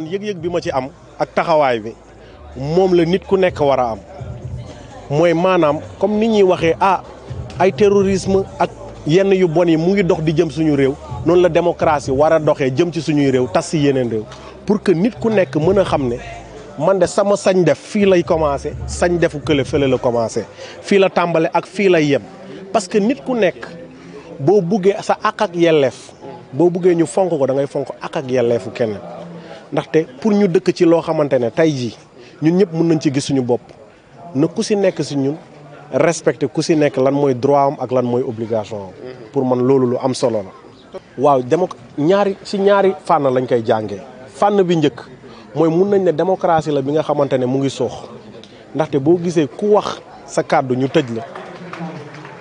man yëg-yëg bi ma ci am ak taxawaay bi moom la nit ku nekk war a am mooy maanaam comme ni ñuy waxee ah ay terrorisme ak yenn yu bon yi mu ngi dox di jëm suñu réew noonu la démocratie war a doxee jëm ci suñuy réew tas si yeneen réew pour que nit ku nekk mën a xam ne man de sama sañ def fii lay commencé sañ defu kële fële la commencé fii la tàmbale ak fii lay yem parce que nit ku nekk boo buggee sa ak ak yelleef boo buggee ñu fonk ko da fonk ak ak yelleefu kenn té pour ñu dëkk ci lo xamantene ne ji ñun ñëpp mën ci gis suñu bop na ku ci nekk ci ñun respecté ku ci nekk lan moy droit am ak lan moy obligation pour man loolu lu am solo la waaw démo ñaari si ñaari fan lañ koy jàngé fan bi ñëk moy mun nañ ne démocratie la bi nga xamantene mu ngi ndax té bo gisé ku wax sa kàddu ñu tejj la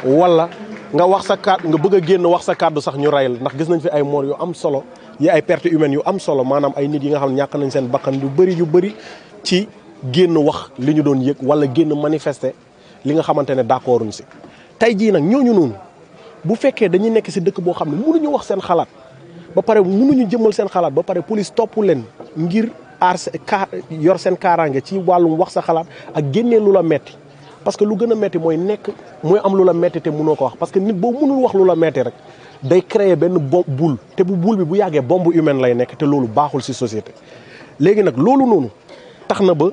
wala nga wax sa kàddu nga bëgg génn wax sa kàddu sax ñu ray la ndax gis nañ fi ay mor yu am solo ya ay perte humaine yu am solo manam ay nit yi nga xam ñak nañ seen bakkan yu bari yu bari ci genn wax li ñu doon yek wala genn manifester li nga xamantene d'accorduñ ci tay ji nak jii nag ñooñu bu fekke dañuy nekk ci dekk bo xamne mënu ñu wax seen xalaat ba mënu ñu jëmmal seen xalaat ba paré police topp len ngir aar ka yor seen kaaraange ci walu wax sa xalaat ak genné lu la metti parce que lu gëna metti moy nekk moy am lu la metti té mënoo ko wax parce que nit bo mënu wax lu la metti rek day créer benn bo boule te bu boule bi bu yàggee bomb humaine lay nekk te loolu baaxul ci société léegi nag loolu noonu tax na ba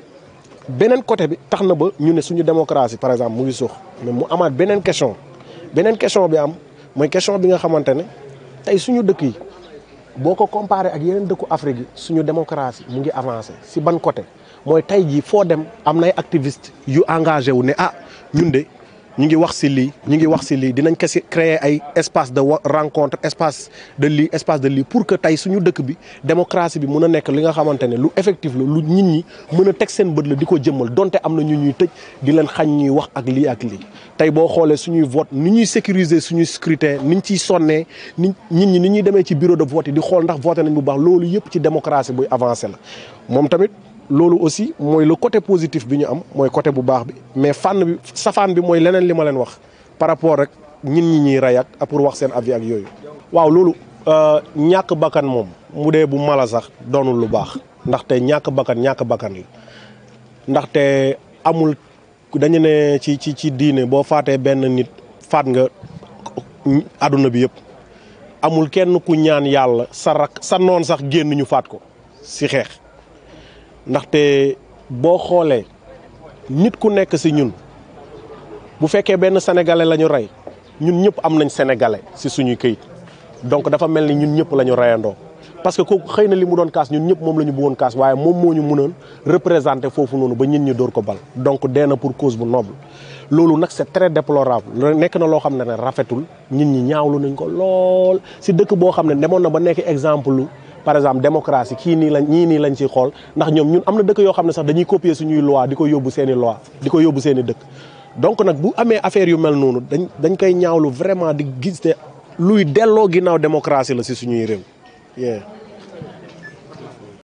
beneen côté bi tax na ba ñu ne suñu démocratie par exemple mu ngi suux mais mu amaat beneen question beneen question bi am mooy question bi nga xamante ne tey suñu dëkk yi boo ko comparer ak yeneen dëkku Afrique yi suñu démocratie mu ngi avancer si ban côté mooy tey jii foo dem am nay activiste yu engagé wu ne ah ñun de ñu ngi wax ci li ñu ngi wax ci li dinañ kasi créer ay espace de rencontre espace de li espace de li pour que tay suñu dëkk bi démocratie bi mëna nekk li nga xamantene lu effectif la lu nit ñi mëna tek seen bët la di jëmmal donte amna ñu ñuy tej di leen xañ ñuy wax ak li ak li tay bo xolé suñu vote ni ñuy sécuriser suñu scrutin niñ ci sonné ni nit ñi ni ñuy démé ci bureau de vote di xol ndax voter nañ bu baax loolu yëpp ci démocratie bu avancé la mom tamit loolu aussi mooy le côté positif bi ñu am mooy côté bu baax bi mais fan bi safaan bi mooy leneen li ma leen wax par rapport rek ñin ñi ñuy rey ak pour wax seen avis ak yooyu. waaw loolu euh, ñàkk bakkan moom mu dee bu mala sax doonul lu baax ndaxte ñàkk bakkan ñàkk bakkan amul dañu ne ci ci ci diine boo faatee benn nit faat nga bi amul kenn ku ñaan yàlla sa rak sa noon sax génn ñu ko si xeex. ndaxte boo xoolee nit ku nekk si ñun bu fekkee benn sénégalais lañu rey ñun ñëpp am nañ sénégalais si suñuy kayit donc dafa mel ni ñun ñëpp la ñu reyandoo parce que xëy na li mu doon kaas ñun ñëpp moom la ñu bëggoon kaas waaye moom moo ñu mënoon représenté foofu noonu ba ñun ñu dóor ko bal donc dee na pour cause bu noble loolu nag c'est très déplorable nekk na loo xam ne ne rafetul nit ñi ñaawlu nañ ko lool si dëkk boo xam ne demoon na ba nekk exemple par exemple démocratie kii nii lañ ñii nii lañ ciy xool ndax ñoom ñun am na dëkk yoo xam ne sax dañuy copier suñuy loi di ko yóbbu seeni i di ko yóbbu seeni dëkk donc nag bu amee affaire yu mel noonu dañ dañ koy ñaawlu vraiment di gis te luy delloo ginnaaw démocratie la si suñuy réew